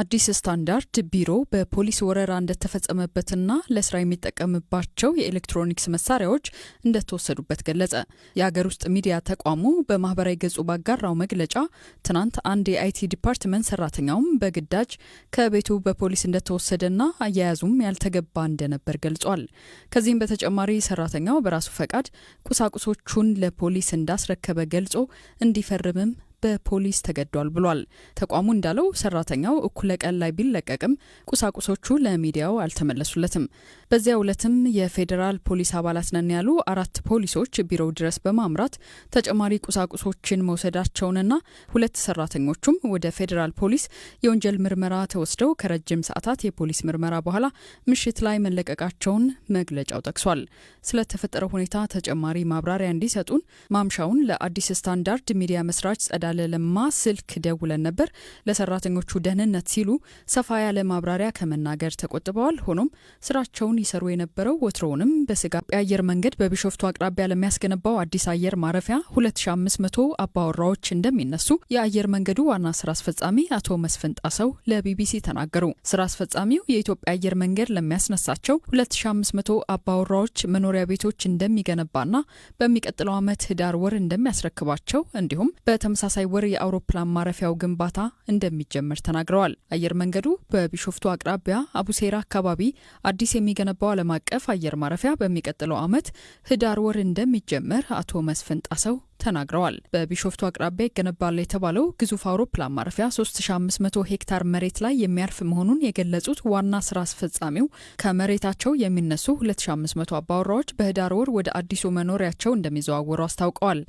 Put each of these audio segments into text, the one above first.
አዲስ ስታንዳርድ ቢሮ በፖሊስ ወረራ እንደተፈጸመበትና ለስራ የሚጠቀምባቸው የኤሌክትሮኒክስ መሳሪያዎች እንደተወሰዱበት ገለጸ። የአገር ውስጥ ሚዲያ ተቋሙ በማህበራዊ ገጹ ባጋራው መግለጫ ትናንት አንድ የአይቲ ዲፓርትመንት ሰራተኛውም በግዳጅ ከቤቱ በፖሊስ እንደተወሰደና አያያዙም ያልተገባ እንደነበር ገልጿል። ከዚህም በተጨማሪ ሰራተኛው በራሱ ፈቃድ ቁሳቁሶቹን ለፖሊስ እንዳስረከበ ገልጾ እንዲፈርምም በፖሊስ ተገዷል ብሏል። ተቋሙ እንዳለው ሰራተኛው እኩለ ቀን ላይ ቢለቀቅም ቁሳቁሶቹ ለሚዲያው አልተመለሱለትም። በዚያ ዕለትም የፌዴራል ፖሊስ አባላት ነን ያሉ አራት ፖሊሶች ቢሮው ድረስ በማምራት ተጨማሪ ቁሳቁሶችን መውሰዳቸውንና ሁለት ሰራተኞቹም ወደ ፌዴራል ፖሊስ የወንጀል ምርመራ ተወስደው ከረጅም ሰዓታት የፖሊስ ምርመራ በኋላ ምሽት ላይ መለቀቃቸውን መግለጫው ጠቅሷል። ስለተፈጠረው ሁኔታ ተጨማሪ ማብራሪያ እንዲሰጡን ማምሻውን ለአዲስ ስታንዳርድ ሚዲያ መስራች ጸዳለ ለማ ስልክ ደውለን ነበር። ለሰራተኞቹ ደህንነት ሲሉ ሰፋ ያለ ማብራሪያ ከመናገር ተቆጥበዋል። ሆኖም ስራቸውን ይሰሩ የነበረው ወትሮውንም በስጋ የአየር መንገድ በቢሾፍቱ አቅራቢያ ለሚያስገነባው አዲስ አየር ማረፊያ 2500 አባወራዎች እንደሚነሱ የአየር መንገዱ ዋና ስራ አስፈጻሚ አቶ መስፍን ጣሰው ለቢቢሲ ተናገሩ። ስራ አስፈጻሚው የኢትዮጵያ አየር መንገድ ለሚያስነሳቸው 2500 አባወራዎች መኖሪያ ቤቶች እንደሚገነባና በሚቀጥለው ዓመት ህዳር ወር እንደሚያስረክባቸው እንዲሁም በተመሳሳይ ወር የአውሮፕላን ማረፊያው ግንባታ እንደሚጀመር ተናግረዋል። አየር መንገዱ በቢሾፍቱ አቅራቢያ አቡሴራ አካባቢ አዲስ የሚገ የተገነባው ዓለም አቀፍ አየር ማረፊያ በሚቀጥለው ዓመት ህዳር ወር እንደሚጀመር አቶ መስፍን ጣሰው ተናግረዋል። በቢሾፍቱ አቅራቢያ ይገነባል የተባለው ግዙፍ አውሮፕላን ማረፊያ 3500 ሄክታር መሬት ላይ የሚያርፍ መሆኑን የገለጹት ዋና ስራ አስፈጻሚው ከመሬታቸው የሚነሱ 2500 አባወራዎች በህዳር ወር ወደ አዲሱ መኖሪያቸው እንደሚዘዋወሩ አስታውቀዋል።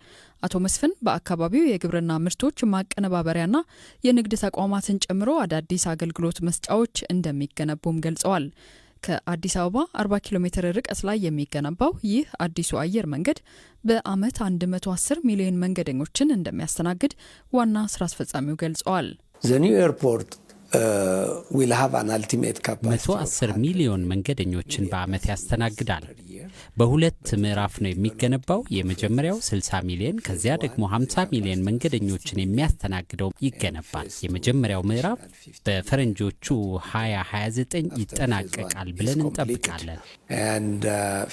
አቶ መስፍን በአካባቢው የግብርና ምርቶች ማቀነባበሪያና የንግድ ተቋማትን ጨምሮ አዳዲስ አገልግሎት መስጫዎች እንደሚገነቡም ገልጸዋል። ከአዲስ አበባ 40 ኪሎ ሜትር ርቀት ላይ የሚገነባው ይህ አዲሱ አየር መንገድ በዓመት 110 ሚሊዮን መንገደኞችን እንደሚያስተናግድ ዋና ስራ አስፈጻሚው ገልጸዋል። ዘኒው ኤርፖርት 110 uh, ሚሊዮን መንገደኞችን በዓመት ያስተናግዳል። በሁለት ምዕራፍ ነው የሚገነባው። የመጀመሪያው 60 ሚሊዮን ከዚያ ደግሞ 50 ሚሊዮን መንገደኞችን የሚያስተናግደው ይገነባል። የመጀመሪያው ምዕራፍ በፈረንጆቹ 2029 ይጠናቀቃል ብለን እንጠብቃለን።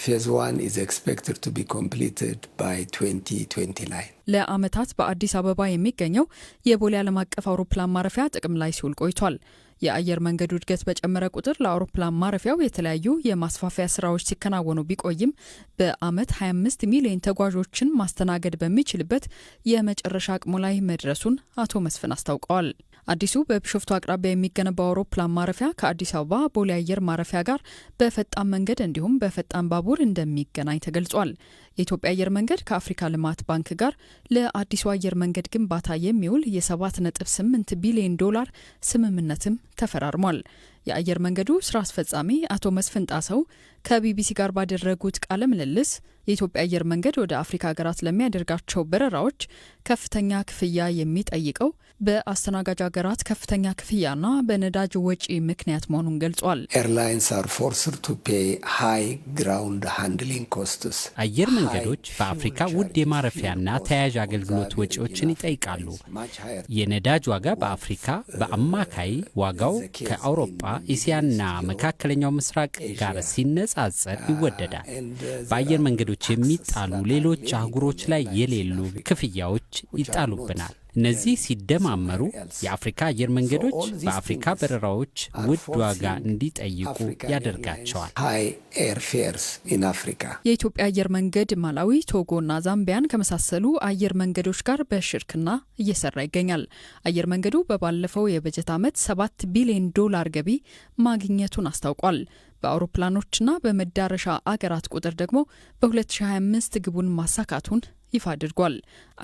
ፌዝ ዋን ኢዝ ኤክስፔክትድ ቱ ቢ ኮምፕሊትድ ባይ 2029 ለዓመታት በአዲስ አበባ የሚገኘው የቦሌ ዓለም አቀፍ አውሮፕላን ማረፊያ ጥቅም ላይ ሲውል ቆይቷል። የአየር መንገዱ እድገት በጨመረ ቁጥር ለአውሮፕላን ማረፊያው የተለያዩ የማስፋፊያ ስራዎች ሲከናወኑ ቢቆይም በዓመት 25 ሚሊዮን ተጓዦችን ማስተናገድ በሚችልበት የመጨረሻ አቅሙ ላይ መድረሱን አቶ መስፍን አስታውቀዋል። አዲሱ በቢሾፍቱ አቅራቢያ የሚገነባው አውሮፕላን ማረፊያ ከአዲስ አበባ ቦሌ አየር ማረፊያ ጋር በፈጣን መንገድ እንዲሁም በፈጣን ባቡር እንደሚገናኝ ተገልጿል። የኢትዮጵያ አየር መንገድ ከአፍሪካ ልማት ባንክ ጋር ለአዲሱ አየር መንገድ ግንባታ የሚውል የ7.8 ቢሊዮን ዶላር ስምምነትም ተፈራርሟል። የአየር መንገዱ ስራ አስፈጻሚ አቶ መስፍን ጣሰው ከቢቢሲ ጋር ባደረጉት ቃለ ምልልስ የኢትዮጵያ አየር መንገድ ወደ አፍሪካ ሀገራት ለሚያደርጋቸው በረራዎች ከፍተኛ ክፍያ የሚጠይቀው በአስተናጋጅ ሀገራት ከፍተኛ ክፍያና በነዳጅ ወጪ ምክንያት መሆኑን ገልጿል። ኤርላይንስ አር ፎርስድ ቱ ፔይ ሃይ ግራውንድ ሃንድሊንግ ኮስትስ አየር መንገዶች በአፍሪካ ውድ የማረፊያና ተያያዥ አገልግሎት ወጪዎችን ይጠይቃሉ። የነዳጅ ዋጋ በአፍሪካ በአማካይ ዋጋው ከአውሮፓ እስያና መካከለኛው ምስራቅ ጋር ሲነጻጸር ah, ይወደዳል። uh, በአየር መንገዶች የሚጣሉ ሌሎች አህጉሮች ላይ የሌሉ ክፍያዎች ይጣሉብናል። እነዚህ ሲደማመሩ የአፍሪካ አየር መንገዶች በአፍሪካ በረራዎች ውድ ዋጋ እንዲጠይቁ ያደርጋቸዋል። የኢትዮጵያ አየር መንገድ ማላዊ፣ ቶጎና ዛምቢያን ከመሳሰሉ አየር መንገዶች ጋር በሽርክና እየሰራ ይገኛል። አየር መንገዱ በባለፈው የበጀት ዓመት ሰባት ቢሊዮን ዶላር ገቢ ማግኘቱን አስታውቋል። በአውሮፕላኖችና በመዳረሻ አገራት ቁጥር ደግሞ በ2025 ግቡን ማሳካቱን ይፋ አድርጓል።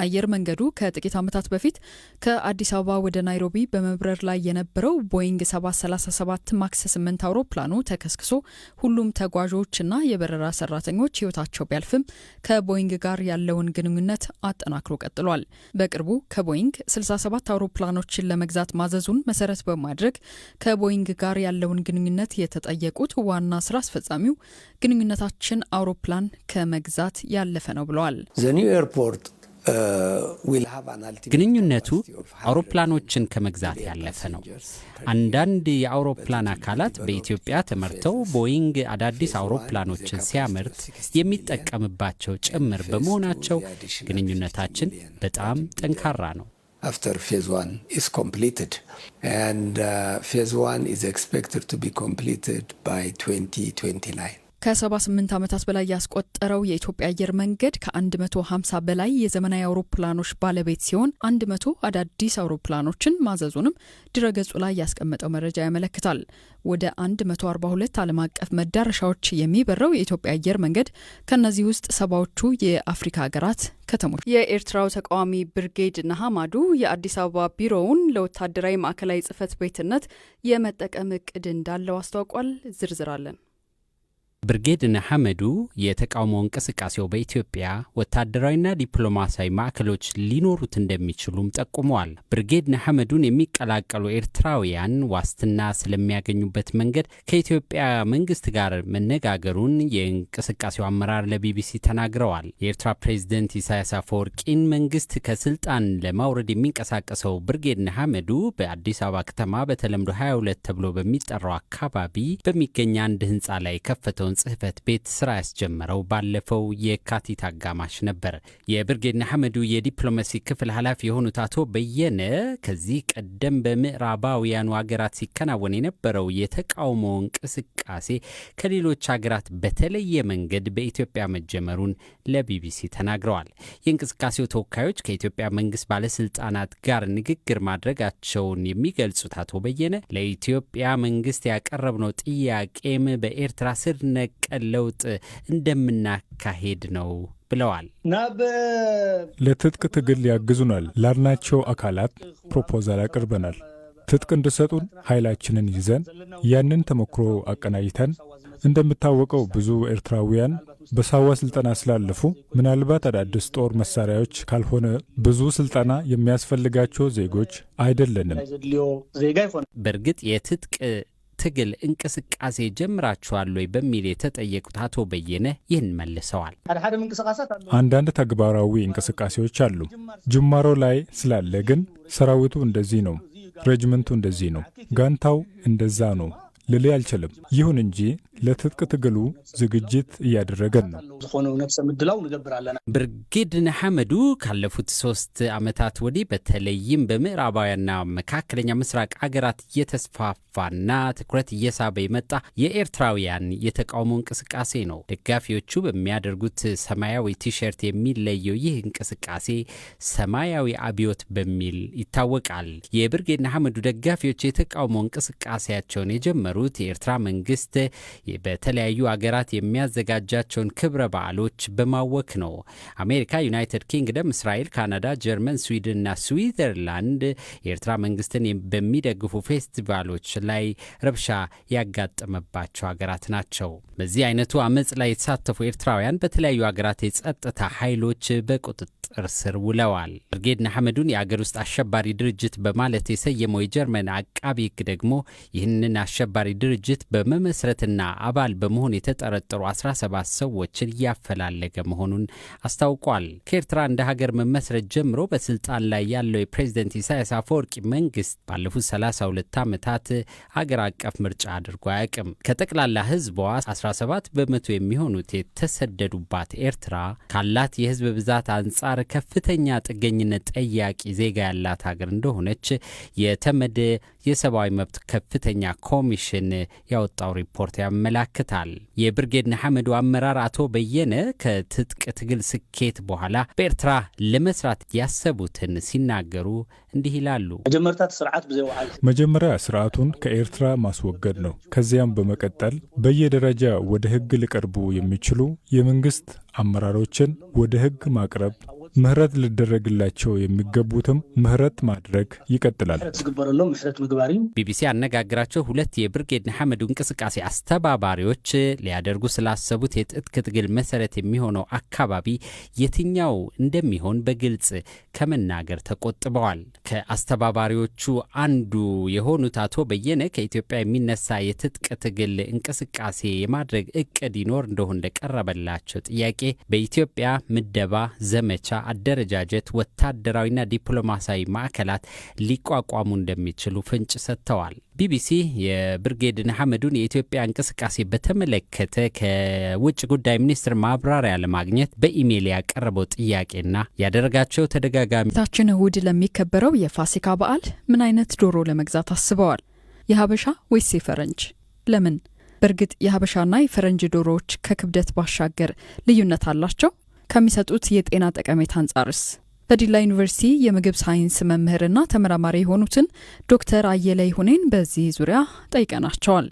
አየር መንገዱ ከጥቂት ዓመታት በፊት ከአዲስ አበባ ወደ ናይሮቢ በመብረር ላይ የነበረው ቦይንግ 737 ማክስ 8 አውሮፕላኑ ተከስክሶ ሁሉም ተጓዦችና የበረራ ሰራተኞች ሕይወታቸው ቢያልፍም ከቦይንግ ጋር ያለውን ግንኙነት አጠናክሮ ቀጥሏል። በቅርቡ ከቦይንግ 67 አውሮፕላኖችን ለመግዛት ማዘዙን መሰረት በማድረግ ከቦይንግ ጋር ያለውን ግንኙነት የተጠየቁት ዋና ስራ አስፈጻሚው ግንኙነታችን አውሮፕላን ከመግዛት ያለፈ ነው ብለዋል። ግንኙነቱ አውሮፕላኖችን ከመግዛት ያለፈ ነው። አንዳንድ የአውሮፕላን አካላት በኢትዮጵያ ተመርተው ቦይንግ አዳዲስ አውሮፕላኖችን ሲያመርት የሚጠቀምባቸው ጭምር በመሆናቸው ግንኙነታችን በጣም ጠንካራ ነው። after phase one is completed. And uh, phase one is expected to be completed 2029. ከ78 ዓመታት በላይ ያስቆጠረው የኢትዮጵያ አየር መንገድ ከ150 በላይ የዘመናዊ አውሮፕላኖች ባለቤት ሲሆን 100 አዳዲስ አውሮፕላኖችን ማዘዙንም ድረገጹ ላይ ያስቀመጠው መረጃ ያመለክታል። ወደ 142 ዓለም አቀፍ መዳረሻዎች የሚበረው የኢትዮጵያ አየር መንገድ ከእነዚህ ውስጥ ሰባዎቹ የአፍሪካ ሀገራት ከተሞች። የኤርትራው ተቃዋሚ ብርጌድ ናሃማዱ የአዲስ አበባ ቢሮውን ለወታደራዊ ማዕከላዊ ጽህፈት ቤትነት የመጠቀም እቅድ እንዳለው አስታውቋል። ዝርዝራለን ብርጌድና ሐመዱ የተቃውሞ እንቅስቃሴው በኢትዮጵያ ወታደራዊና ዲፕሎማሲያዊ ማዕከሎች ሊኖሩት እንደሚችሉም ጠቁመዋል። ብርጌድና ሐመዱን የሚቀላቀሉ ኤርትራውያን ዋስትና ስለሚያገኙበት መንገድ ከኢትዮጵያ መንግስት ጋር መነጋገሩን የእንቅስቃሴው አመራር ለቢቢሲ ተናግረዋል። የኤርትራ ፕሬዚደንት ኢሳያስ አፈወርቂን መንግስት ከስልጣን ለማውረድ የሚንቀሳቀሰው ብርጌድና ሐመዱ በአዲስ አበባ ከተማ በተለምዶ 22 ተብሎ በሚጠራው አካባቢ በሚገኝ አንድ ህንፃ ላይ ከፈተው ዞን ጽሕፈት ቤት ስራ ያስጀመረው ባለፈው የካቲት አጋማሽ ነበር። የብርጌድና አህመዱ የዲፕሎማሲ ክፍል ኃላፊ የሆኑት አቶ በየነ ከዚህ ቀደም በምዕራባውያኑ ሀገራት ሲከናወን የነበረው የተቃውሞ እንቅስቃሴ ከሌሎች ሀገራት በተለየ መንገድ በኢትዮጵያ መጀመሩን ለቢቢሲ ተናግረዋል። የእንቅስቃሴው ተወካዮች ከኢትዮጵያ መንግስት ባለስልጣናት ጋር ንግግር ማድረጋቸውን የሚገልጹት አቶ በየነ ለኢትዮጵያ መንግስት ያቀረብነው ጥያቄም በኤርትራ ስር ነቀል ለውጥ እንደምናካሄድ ነው ብለዋል። ለትጥቅ ትግል ያግዙናል ላልናቸው አካላት ፕሮፖዛል አቅርበናል። ትጥቅ እንዲሰጡን ኃይላችንን ይዘን ያንን ተሞክሮ አቀናጅተን እንደምታወቀው ብዙ ኤርትራውያን በሳዋ ስልጠና ስላለፉ ምናልባት አዳዲስ ጦር መሳሪያዎች ካልሆነ ብዙ ስልጠና የሚያስፈልጋቸው ዜጎች አይደለንም። በእርግጥ የትጥቅ ትግል እንቅስቃሴ ጀምራችኋል ወይ በሚል የተጠየቁት አቶ በየነ ይህን መልሰዋል። አንዳንድ ተግባራዊ እንቅስቃሴዎች አሉ። ጅማሮ ላይ ስላለ ግን ሰራዊቱ እንደዚህ ነው፣ ሬጅመንቱ እንደዚህ ነው፣ ጋንታው እንደዛ ነው ልል አልችልም። ይሁን እንጂ ለትጥቅ ትግሉ ዝግጅት እያደረገን ነው። ብርጌድ ንሓመዱ ካለፉት ሶስት ዓመታት ወዲህ በተለይም በምዕራባውያንና መካከለኛ ምስራቅ አገራት እየተስፋፋና ትኩረት እየሳበ የመጣ የኤርትራውያን የተቃውሞ እንቅስቃሴ ነው። ደጋፊዎቹ በሚያደርጉት ሰማያዊ ቲሸርት የሚለየው ይህ እንቅስቃሴ ሰማያዊ አብዮት በሚል ይታወቃል። የብርጌድ ንሓመዱ ደጋፊዎች የተቃውሞ እንቅስቃሴያቸውን የጀመሩት የኤርትራ መንግስት በተለያዩ አገራት የሚያዘጋጃቸውን ክብረ በዓሎች በማወክ ነው። አሜሪካ፣ ዩናይትድ ኪንግደም፣ እስራኤል፣ ካናዳ፣ ጀርመን፣ ስዊድን እና ስዊዘርላንድ የኤርትራ መንግስትን በሚደግፉ ፌስቲቫሎች ላይ ረብሻ ያጋጠመባቸው ሀገራት ናቸው። በዚህ አይነቱ አመፅ ላይ የተሳተፉ ኤርትራውያን በተለያዩ ሀገራት የጸጥታ ኃይሎች በቁጥጥር ስር ውለዋል። ብርጌድ ንሓመዱን የአገር ውስጥ አሸባሪ ድርጅት በማለት የሰየመው የጀርመን አቃቢ ህግ ደግሞ ይህንን አሸባሪ ድርጅት በመመስረትና አባል በመሆን የተጠረጠሩ 17 ሰዎችን እያፈላለገ መሆኑን አስታውቋል። ከኤርትራ እንደ ሀገር መመስረት ጀምሮ በስልጣን ላይ ያለው የፕሬዝደንት ኢሳያስ አፈወርቂ መንግስት ባለፉት 32 ዓመታት አገር አቀፍ ምርጫ አድርጎ አያውቅም። ከጠቅላላ ህዝቧ 17 በመቶ የሚሆኑት የተሰደዱባት ኤርትራ ካላት የህዝብ ብዛት አንጻር ከፍተኛ ጥገኝነት ጠያቂ ዜጋ ያላት ሀገር እንደሆነች የተመድ የሰብአዊ መብት ከፍተኛ ኮሚሽን ያወጣው ሪፖርት ያመላክታል። የብርጌድ ንሓመዱ አመራር አቶ በየነ ከትጥቅ ትግል ስኬት በኋላ በኤርትራ ለመስራት ያሰቡትን ሲናገሩ እንዲህ ይላሉ። መጀመሪያ ስርዓቱን ከኤርትራ ማስወገድ ነው። ከዚያም በመቀጠል በየደረጃ ወደ ህግ ሊቀርቡ የሚችሉ የመንግስት አመራሮችን ወደ ህግ ማቅረብ ምህረት ልደረግላቸው የሚገቡትም ምህረት ማድረግ ይቀጥላል። ቢቢሲ ያነጋግራቸው ሁለት የብርጌድ ንሓመዱ እንቅስቃሴ አስተባባሪዎች ሊያደርጉ ስላሰቡት የትጥቅ ትግል መሰረት የሚሆነው አካባቢ የትኛው እንደሚሆን በግልጽ ከመናገር ተቆጥበዋል። ከአስተባባሪዎቹ አንዱ የሆኑት አቶ በየነ ከኢትዮጵያ የሚነሳ የትጥቅ ትግል እንቅስቃሴ የማድረግ እቅድ ይኖር እንደሆን እንደቀረበላቸው ጥያቄ በኢትዮጵያ ምደባ ዘመቻ አደረጃጀት ወታደራዊና ዲፕሎማሲያዊ ማዕከላት ሊቋቋሙ እንደሚችሉ ፍንጭ ሰጥተዋል። ቢቢሲ የብርጌድ ሐመዱን የኢትዮጵያ እንቅስቃሴ በተመለከተ ከውጭ ጉዳይ ሚኒስትር ማብራሪያ ለማግኘት በኢሜይል ያቀረበው ጥያቄና ያደረጋቸው ተደጋጋሚ ታችን እሁድ ለሚከበረው የፋሲካ በዓል ምን አይነት ዶሮ ለመግዛት አስበዋል? የሀበሻ ወይስ የፈረንጅ? ለምን? በእርግጥ የሀበሻና የፈረንጅ ዶሮዎች ከክብደት ባሻገር ልዩነት አላቸው? ከሚሰጡት የጤና ጠቀሜታ አንጻርስ? በዲላ ዩኒቨርሲቲ የምግብ ሳይንስ መምህርና ተመራማሪ የሆኑትን ዶክተር አየለ ይሁኔን በዚህ ዙሪያ ጠይቀናቸዋል።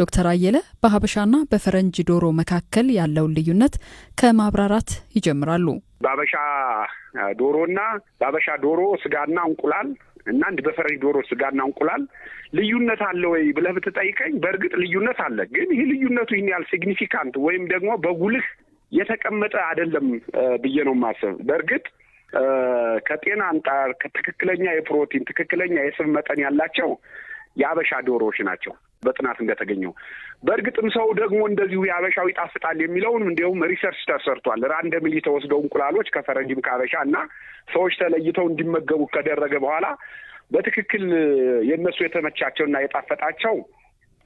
ዶክተር አየለ በሀበሻና በፈረንጅ ዶሮ መካከል ያለውን ልዩነት ከማብራራት ይጀምራሉ። በሀበሻ ዶሮና በሀበሻ ዶሮ ስጋና እንቁላል እና እንድ በፈረንጅ ዶሮ ስጋና እንቁላል ልዩነት አለ ወይ ብለህ ብትጠይቀኝ፣ በእርግጥ ልዩነት አለ። ግን ይህ ልዩነቱ ይህን ያህል ሲግኒፊካንት ወይም ደግሞ በጉልህ የተቀመጠ አይደለም ብዬ ነው ማስብ በእርግጥ ከጤና አንጻር ትክክለኛ የፕሮቲን ትክክለኛ የስብ መጠን ያላቸው የአበሻ ዶሮዎች ናቸው በጥናት እንደተገኘው። በእርግጥም ሰው ደግሞ እንደዚሁ የአበሻው ይጣፍጣል የሚለውን እንዲሁም ሪሰርች ተሰርቷል። ራንደምሊ ተወስደው እንቁላሎች ከፈረንጅም ከአበሻ እና ሰዎች ተለይተው እንዲመገቡ ከደረገ በኋላ በትክክል የእነሱ የተመቻቸውና የጣፈጣቸው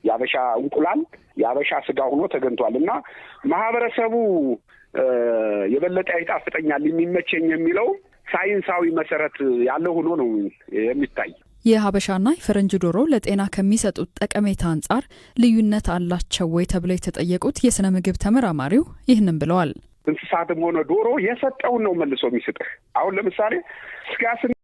የአበሻ እንቁላል የአበሻ ስጋ ሆኖ ተገኝቷል እና ማህበረሰቡ የበለጠ ይጣፍጠኛል የሚመቸኝ የሚለው ሳይንሳዊ መሰረት ያለ ሆኖ ነው የሚታይ። የሀበሻና የፈረንጅ ዶሮ ለጤና ከሚሰጡት ጠቀሜታ አንጻር ልዩነት አላቸው ወይ ተብለው የተጠየቁት የስነ ምግብ ተመራማሪው ይህንን ብለዋል። እንስሳትም ሆነ ዶሮ የሰጠውን ነው መልሶ የሚስጥህ። አሁን ለምሳሌ ስጋ